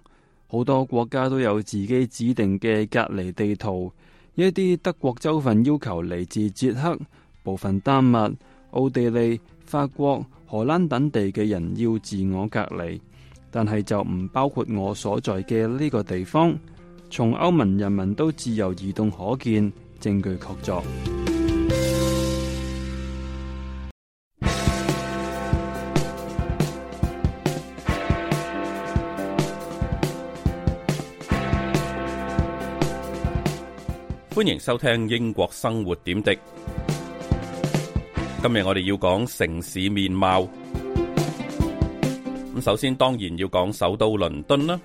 好多國家都有自己指定嘅隔離地圖。一啲德國州份要求嚟自捷克、部分丹麥、奧地利、法國、荷蘭等地嘅人要自我隔離，但係就唔包括我所在嘅呢個地方。從歐盟人民都自由移動可見，證據確鑿。歡迎收聽英國生活點滴。今日我哋要講城市面貌。咁首先當然要講首都倫敦啦。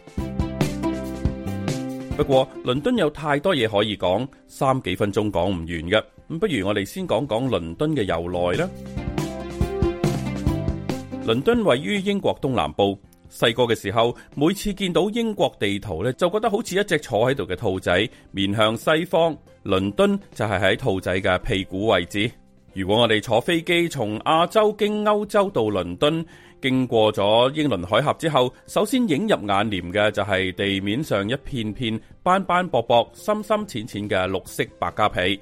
不過倫敦有太多嘢可以講，三幾分鐘講唔完嘅。咁不如我哋先講講倫敦嘅由來啦。倫敦位於英國東南部。細個嘅時候，每次見到英國地圖呢，就覺得好似一隻坐喺度嘅兔仔，面向西方，倫敦就係喺兔仔嘅屁股位置。如果我哋坐飛機從亞洲經歐洲到倫敦，經過咗英倫海峽之後，首先映入眼簾嘅就係地面上一片片斑斑駁駁、深深淺淺嘅綠色百家被。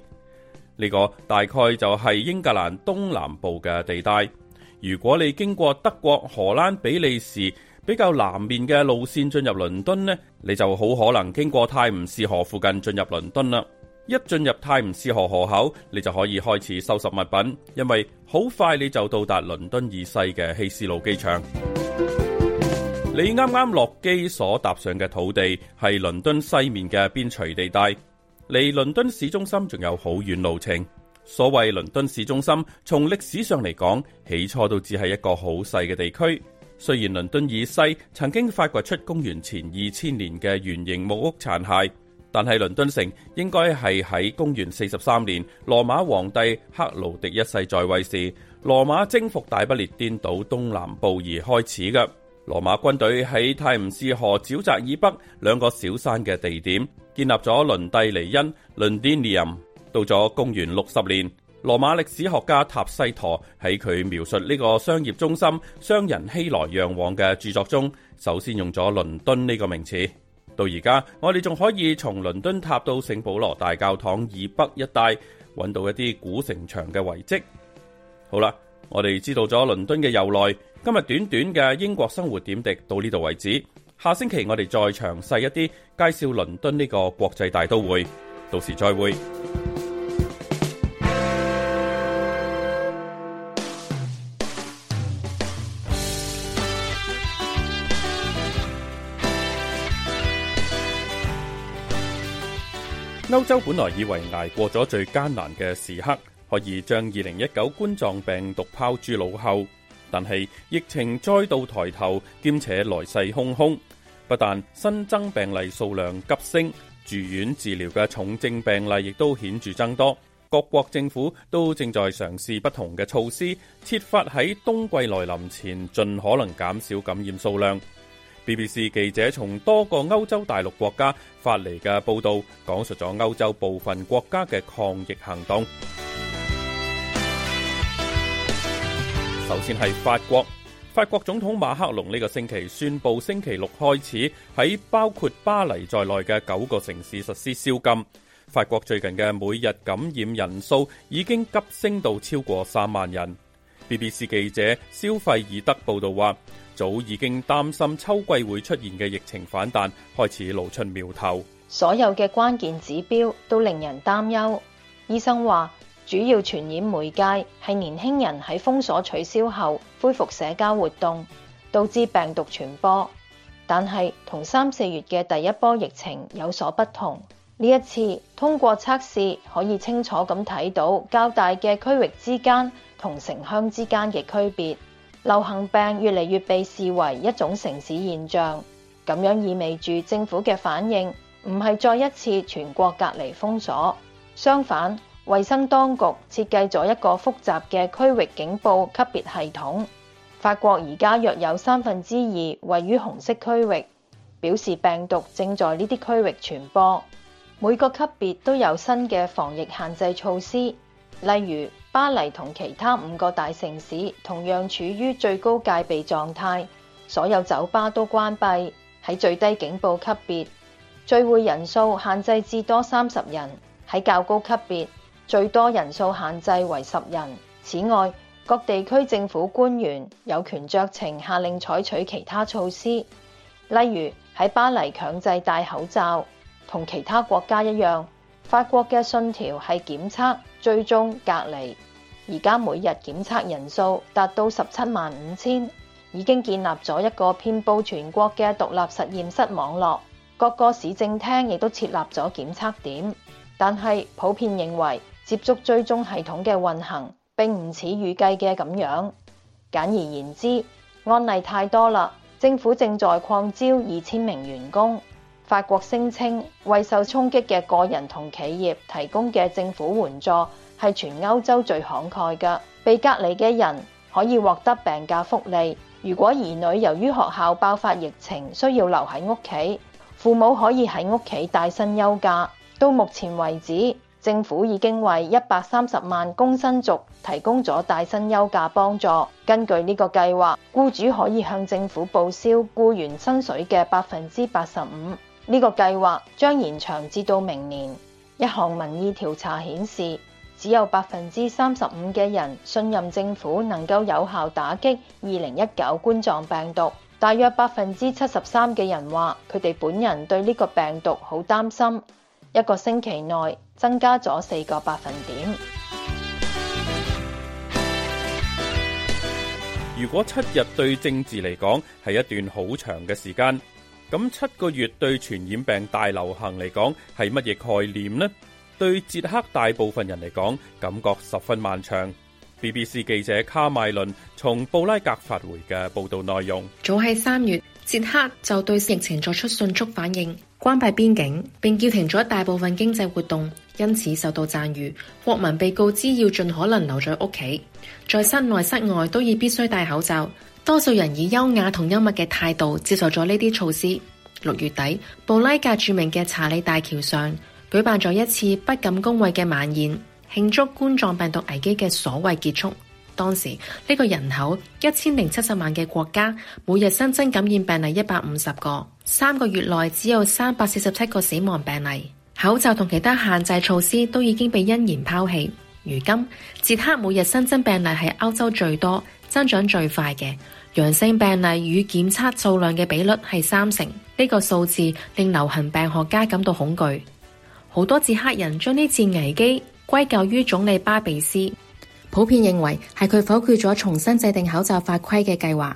呢、這個大概就係英格蘭東南部嘅地帶。如果你經過德國、荷蘭、比利時，比較南面嘅路綫進入倫敦呢，你就好可能經過泰晤士河附近進入倫敦啦。一進入泰晤士河河口，你就可以開始收拾物品，因為好快你就到達倫敦以西嘅希斯路機場。 你啱啱落機所踏上嘅土地係倫敦西面嘅邊陲地帶，離倫敦市中心仲有好遠路程。所謂倫敦市中心，從歷史上嚟講，起初都只係一個好細嘅地區。雖然倫敦以西曾經發掘出公元前二千年嘅圓形木屋殘骸，但係倫敦城應該係喺公元四十三年羅馬皇帝克勞狄一世在位時，羅馬征服大不列顛島東南部而開始嘅。羅馬軍隊喺泰晤士河沼澤，澤以北兩個小山嘅地點建立咗倫蒂尼恩 （Londinium），到咗公元六十年。羅馬歷史學家塔西佗喺佢描述呢個商業中心，商人熙來攘往嘅著作中，首先用咗倫敦呢個名詞。到而家，我哋仲可以從倫敦塔到聖保羅大教堂以北一帶揾到一啲古城牆嘅遺跡。好啦，我哋知道咗倫敦嘅由來。今日短短嘅英國生活點滴到呢度為止。下星期我哋再詳細一啲介紹倫敦呢個國際大都會。到時再會。歐洲本來以為捱過咗最艱難嘅時刻，可以將二零一九冠狀病毒拋諸腦後，但係疫情再度抬頭，兼且來勢洶洶，不但新增病例數量急升，住院治療嘅重症病例亦都顯著增多。各國政府都正在嘗試不同嘅措施，設法喺冬季來臨前盡可能減少感染數量。BBC 記者從多個歐洲大陸國家發嚟嘅報道，講述咗歐洲部分國家嘅抗疫行動。首先係法國。法國總統馬克龍呢個星期宣布，星期六開始喺包括巴黎在內嘅九個城市實施宵禁。法國最近嘅每日感染人數已經急升到超過三萬人。BBC 記者肖費爾德報道話。早已經擔心秋季會出現嘅疫情反彈開始露出苗頭，所有嘅關鍵指標都令人擔憂。醫生話，主要傳染媒介係年輕人喺封鎖取消後恢復社交活動，導致病毒傳播。但係同三四月嘅第一波疫情有所不同，呢一次通過測試可以清楚咁睇到較大嘅區域之間同城鄉之間嘅區別。流行病越嚟越被視為一種城市現象，咁樣意味住政府嘅反應唔係再一次全國隔離封鎖。相反，衛生當局設計咗一個複雜嘅區域警報級別系統。法國而家約有三分之二位於紅色區域，表示病毒正在呢啲區域傳播。每個級別都有新嘅防疫限制措施，例如：巴黎同其他五個大城市同樣處於最高戒備狀態，所有酒吧都關閉。喺最低警報級別，聚會人數限制至多三十人；喺較高級別，最多人數限制為十人。此外，各地區政府官員有權酌情下令採取其他措施，例如喺巴黎強制戴口罩。同其他國家一樣，法國嘅信條係檢測、追蹤、隔離。而家每日檢測人數達到十七萬五千，已經建立咗一個遍佈全國嘅獨立實驗室網絡。各個市政廳亦都設立咗檢測點，但係普遍認為接觸追蹤系統嘅運行並唔似預計嘅咁樣。簡而言之，案例太多啦。政府正在擴招二千名員工。法國聲稱，為受衝擊嘅個人同企業提供嘅政府援助。係全歐洲最慷慨噶。被隔離嘅人可以獲得病假福利。如果兒女由於學校爆發疫情，需要留喺屋企，父母可以喺屋企帶薪休假。到目前為止，政府已經為一百三十萬工薪族提供咗帶薪休假幫助。根據呢個計劃，僱主可以向政府報銷僱員薪水嘅百分之八十五。呢個計劃將延長至到明年。一項民意調查顯示。只有百分之三十五嘅人信任政府能夠有效打擊二零一九冠狀病毒，大約百分之七十三嘅人話佢哋本人對呢個病毒好擔心。一個星期內增加咗四個百分點。如果七日對政治嚟講係一段好長嘅時間，咁七個月對傳染病大流行嚟講係乜嘢概念呢？對捷克大部分人嚟講，感覺十分漫長。BBC 記者卡麥倫從布拉格發回嘅報道內容：早喺三月，捷克就對疫情作出迅速反應，關閉邊境，並叫停咗大部分經濟活動，因此受到讚譽。國民被告知要盡可能留在屋企，在室內室外都已必須戴口罩。多數人以優雅同幽默嘅態度接受咗呢啲措施。六月底，布拉格著名嘅查理大橋上。舉辦咗一次不敢恭維嘅晚宴，慶祝冠狀病毒危機嘅所謂結束。當時呢、這個人口一千零七十萬嘅國家，每日新增感染病例一百五十個，三個月內只有三百四十七個死亡病例。口罩同其他限制措施都已經被欣然拋棄。如今捷克每日新增病例係歐洲最多、增長最快嘅。陽性病例與檢測數量嘅比率係三成，呢、這個數字令流行病學家感到恐懼。好多捷克人將呢次危機歸咎於總理巴比斯，普遍認為係佢否決咗重新制定口罩法規嘅計劃。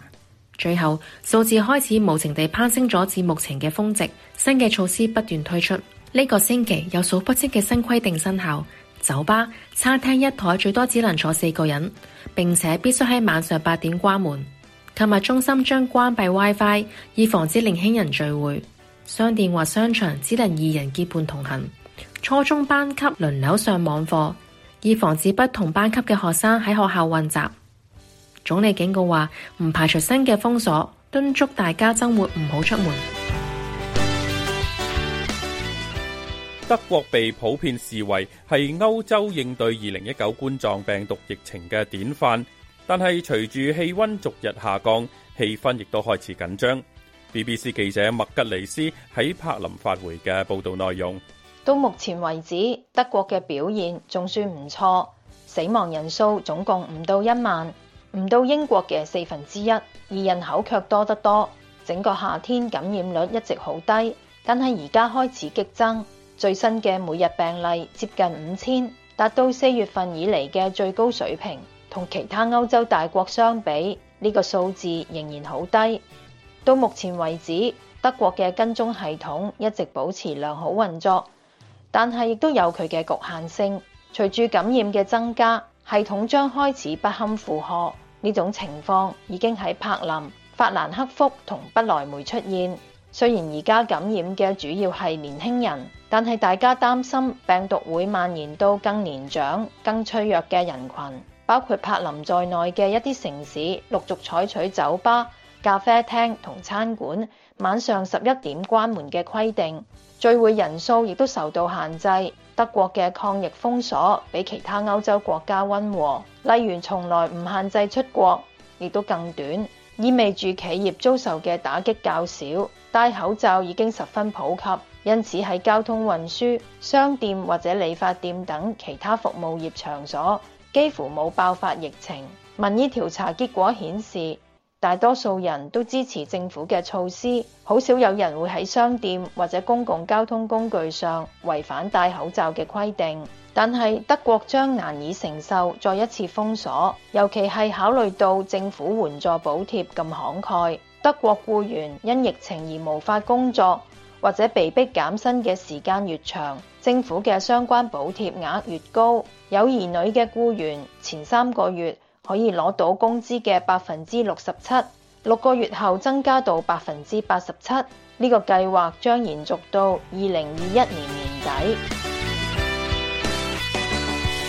最後數字開始無情地攀升咗至目前嘅峰值，新嘅措施不斷推出。呢、這個星期有數不清嘅新規定生效，酒吧、餐廳一台最多只能坐四個人，並且必須喺晚上八點關門。購物中心將關閉 WiFi，以防止年輕人聚會。商店或商場只能二人結伴同行。初中班級輪流上網課，以防止不同班級嘅學生喺學校混雜。總理警告話，唔排除新嘅封鎖，敦促大家周末唔好出門。德國被普遍視為係歐洲應對二零一九冠狀病毒疫情嘅典範，但係隨住氣溫逐日下降，氣氛亦都開始緊張。BBC 記者麥吉尼斯喺柏林發回嘅報道內容。到目前為止，德國嘅表現仲算唔錯，死亡人數總共唔到一萬，唔到英國嘅四分之一，而人口卻多得多。整個夏天感染率一直好低，但係而家開始激增。最新嘅每日病例接近五千，達到四月份以嚟嘅最高水平。同其他歐洲大國相比，呢個數字仍然好低。到目前為止，德國嘅跟蹤系統一直保持良好運作。但係亦都有佢嘅局限性，隨住感染嘅增加，系統將開始不堪負荷。呢種情況已經喺柏林、法蘭克福同不來梅出現。雖然而家感染嘅主要係年輕人，但係大家擔心病毒會蔓延到更年長、更脆弱嘅人群，包括柏林在內嘅一啲城市，陸續採取酒吧、咖啡廳同餐館晚上十一點關門嘅規定，聚會人數亦都受到限制。德國嘅抗疫封鎖比其他歐洲國家温和，例如從來唔限制出國，亦都更短，意味住企業遭受嘅打擊較少。戴口罩已經十分普及，因此喺交通運輸、商店或者理髮店等其他服務業場所，幾乎冇爆發疫情。民意調查結果顯示，大多數人都支持政府嘅措施，好少有人會喺商店或者公共交通工具上違反戴口罩嘅規定。但係德國將難以承受再一次封鎖，尤其係考慮到政府援助補貼咁慷慨。德國僱員因疫情而無法工作或者被逼減薪嘅時間越長，政府嘅相關補貼額越高。有兒女嘅僱員前三個月。可以攞到工資嘅百分之六十七，六個月後增加到百分之八十七。呢個計劃將延續到二零二一年年底。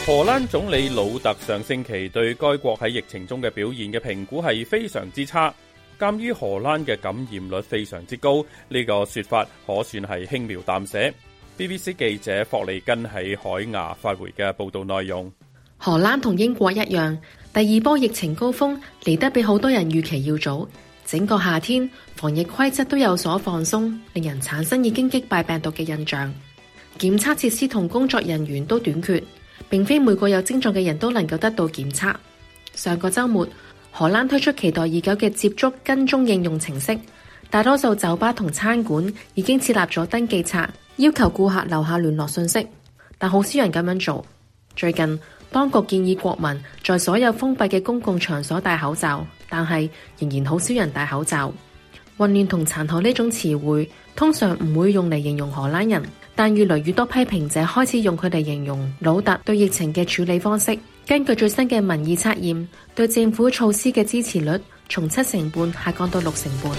荷蘭總理魯特上星期對該國喺疫情中嘅表現嘅評估係非常之差。鑑於荷蘭嘅感染率非常之高，呢個說法可算係輕描淡寫。BBC 記者霍利根喺海牙發回嘅報道內容，荷蘭同英國一樣。第二波疫情高峰嚟得比好多人預期要早，整個夏天防疫規則都有所放鬆，令人產生已經擊敗病毒嘅印象。檢測設施同工作人員都短缺，並非每個有症狀嘅人都能夠得到檢測。上個週末，荷蘭推出期待已久嘅接觸跟蹤應用程式，大多數酒吧同餐館已經設立咗登記冊，要求顧客留下聯絡信息，但好少人咁樣做。最近，當局建議國民在所有封閉嘅公共場所戴口罩，但係仍然好少人戴口罩。混亂同殘酷呢種詞彙通常唔會用嚟形容荷蘭人，但越嚟越多批評者開始用佢哋形容魯特對疫情嘅處理方式。根據最新嘅民意測驗，對政府措施嘅支持率從七成半下降到六成半。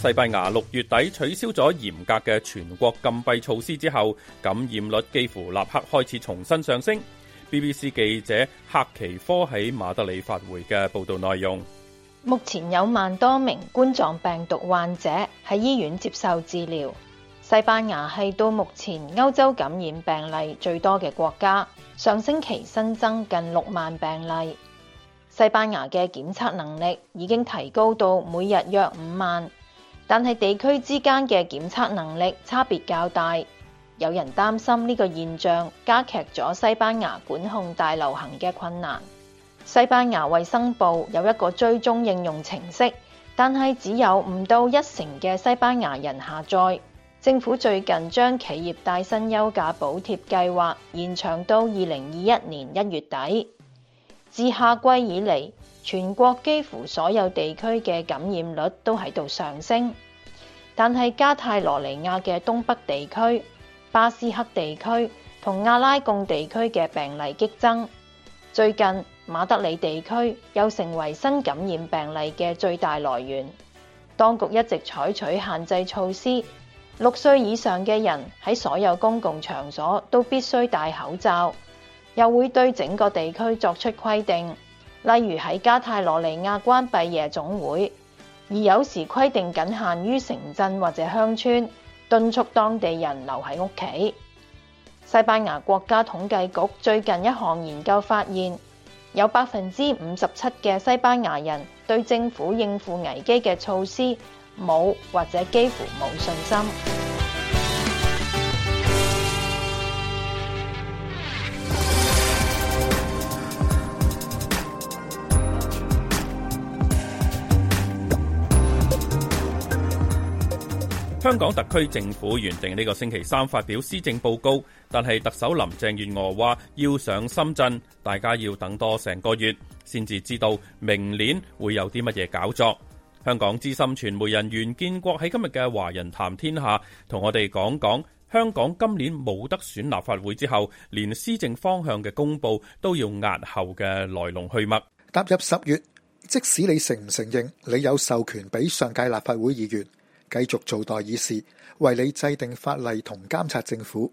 西班牙六月底取消咗嚴格嘅全國禁閉措施之後，感染率幾乎立刻開始重新上升。BBC 記者克奇科喺馬德里發回嘅報道內容：目前有萬多名冠狀病毒患者喺醫院接受治療。西班牙係到目前歐洲感染病例最多嘅國家，上星期新增近六萬病例。西班牙嘅檢測能力已經提高到每日約五萬。但係地區之間嘅檢測能力差別較大，有人擔心呢個現象加劇咗西班牙管控大流行嘅困難。西班牙衛生部有一個追蹤應用程式，但係只有唔到一成嘅西班牙人下載。政府最近將企業帶薪休假補貼計劃延長到二零二一年一月底。自夏季以嚟。全國幾乎所有地區嘅感染率都喺度上升，但係加泰羅尼亞嘅東北地區、巴斯克地區同阿拉貢地區嘅病例激增。最近馬德里地區又成為新感染病例嘅最大來源。當局一直採取限制措施，六歲以上嘅人喺所有公共場所都必須戴口罩，又會對整個地區作出規定。例如喺加泰羅尼亞關閉夜總會，而有時規定僅限於城鎮或者鄉村，敦促當地人留喺屋企。西班牙國家統計局最近一項研究發現，有百分之五十七嘅西班牙人對政府應付危機嘅措施冇或者幾乎冇信心。香港特區政府原定呢個星期三發表施政報告，但係特首林鄭月娥話要上深圳，大家要等多成個月，先至知道明年會有啲乜嘢搞作。香港資深傳媒人袁建國喺今日嘅《華人談天下》同我哋講講香港今年冇得選立法會之後，連施政方向嘅公布都要押後嘅來龍去脈。踏入十月，即使你承唔承認，你有授權俾上屆立法會議員繼續做代議士，為你制定法例同監察政府。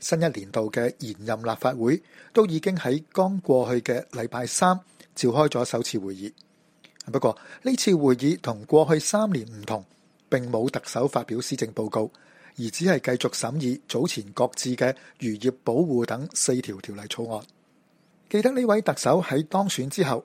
新一年度嘅延任立法會都已經喺剛過去嘅禮拜三召開咗首次會議。不過呢次會議同過去三年唔同，並冇特首發表施政報告，而只係繼續審議早前擱置嘅漁業保護等四條條例草案。記得呢位特首喺當選之後。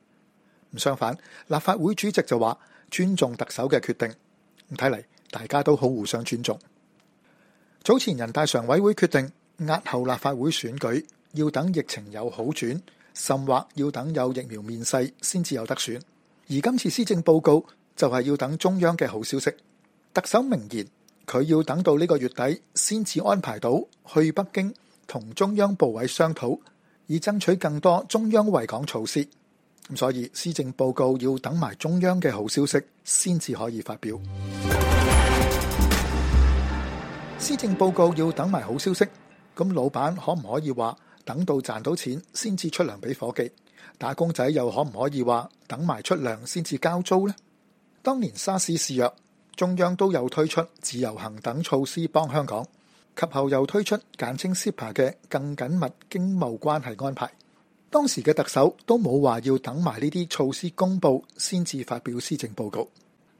唔相反，立法會主席就話尊重特首嘅決定。咁睇嚟，大家都好互相尊重。早前人大常委會決定押後立法會選舉，要等疫情有好轉，甚或要等有疫苗面世先至有得選。而今次施政報告就係、是、要等中央嘅好消息。特首明言，佢要等到呢個月底先至安排到去北京同中央部委商討，以爭取更多中央維港措施。所以施政報告要等埋中央嘅好消息先至可以發表。施政報告要等埋好， 好消息，咁老闆可唔可以話等到賺到錢先至出糧俾伙計？打工仔又可唔可以話等埋出糧先至交租呢？當年沙士肆虐，中央都有推出自由行等措施幫香港，及後又推出簡稱 CEPA 嘅更緊密經貿關係安排。當時嘅特首都冇話要等埋呢啲措施公布先至發表施政報告。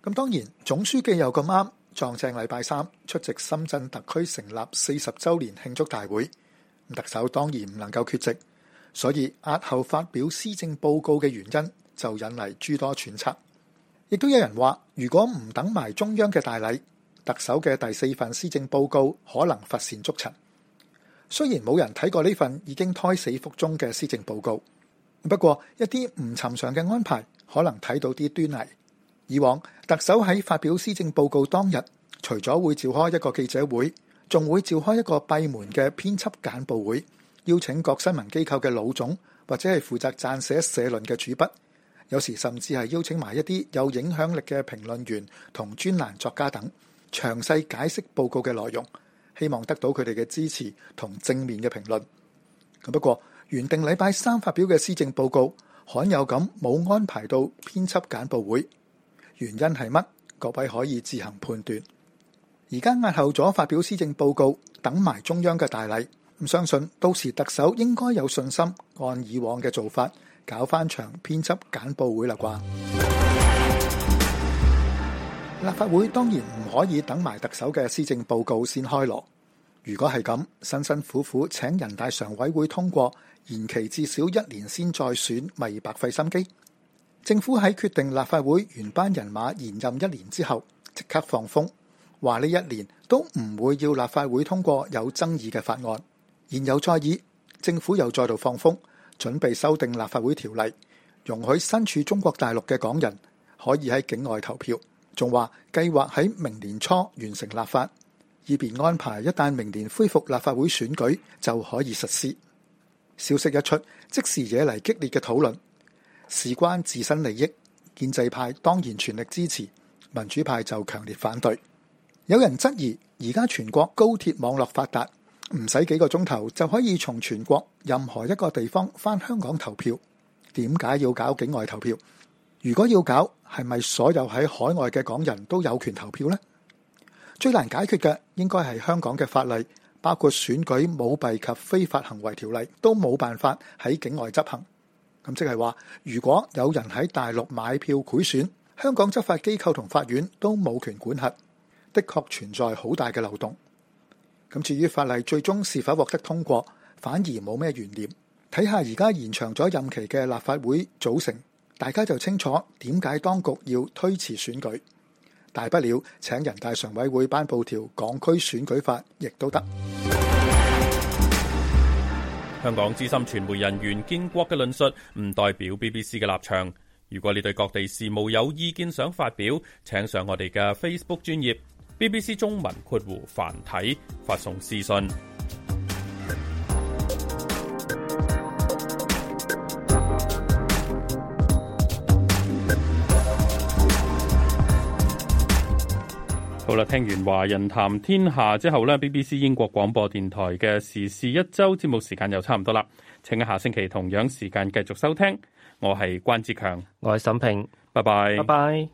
咁當然總書記又咁啱撞正禮拜三出席深圳特區成立四十周年慶祝大會，特首當然唔能夠缺席。所以押後發表施政報告嘅原因就引嚟諸多揣測。亦都有人話，如果唔等埋中央嘅大禮，特首嘅第四份施政報告可能乏善足陳。雖然冇人睇過呢份已經胎死腹中嘅施政報告，不過一啲唔尋常嘅安排，可能睇到啲端倪。以往特首喺發表施政報告當日，除咗會召開一個記者會，仲會召開一個閉門嘅編輯簡報會，邀請各新聞機構嘅老總或者係負責撰寫社論嘅主筆，有時甚至係邀請埋一啲有影響力嘅評論員同專欄作家等，詳細解釋報告嘅內容。希望得到佢哋嘅支持同正面嘅評論。咁不過原定禮拜三發表嘅施政報告，罕有咁冇安排到編輯簡報會，原因係乜？各位可以自行判斷。而家押後咗發表施政報告，等埋中央嘅大禮。咁相信，到時特首應該有信心按以往嘅做法搞翻場編輯簡報會啦啩。立法會當然唔可以等埋特首嘅施政報告先開鑼。如果係咁，辛辛苦苦請人大常委會通過，延期至少一年先再選，咪白費心機。政府喺決定立法會原班人馬延任一年之後，即刻放風，話呢一年都唔會要立法會通過有爭議嘅法案。言猶在耳，政府又再度放風，準備修訂立法會條例，容許身處中國大陸嘅港人可以喺境外投票。仲話計劃喺明年初完成立法，以便安排一旦明年恢復立法會選舉就可以實施。消息一出，即時惹嚟激烈嘅討論。事關自身利益，建制派當然全力支持；民主派就強烈反對。有人質疑，而家全國高鐵網絡發達，唔使幾個鐘頭就可以從全國任何一個地方返香港投票，點解要搞境外投票？如果要搞，係咪所有喺海外嘅港人都有權投票咧？最難解決嘅，應該係香港嘅法例，包括選舉舞弊及非法行為條例，都冇辦法喺境外執行。咁即係話，如果有人喺大陸買票賄選，香港執法機構同法院都冇權管轄，的確存在好大嘅漏洞。咁至於法例最終是否獲得通過，反而冇咩懸念。睇下，而家延長咗任期嘅立法會組成。大家就清楚點解當局要推遲選舉，大不了請人大常委會頒布條港區選舉法，亦都得。香港資深傳媒人員建國嘅論述唔代表 BBC 嘅立場。如果你對各地事務有意見想發表，請上我哋嘅 Facebook 專頁，BBC 中文括弧繁體發送私信。好啦，聽完華人談天下之後咧，BBC 英國廣播電台嘅時事一周節目時間又差唔多啦，請喺下星期同樣時間繼續收聽。我係關志強，我係沈平，拜拜，拜拜。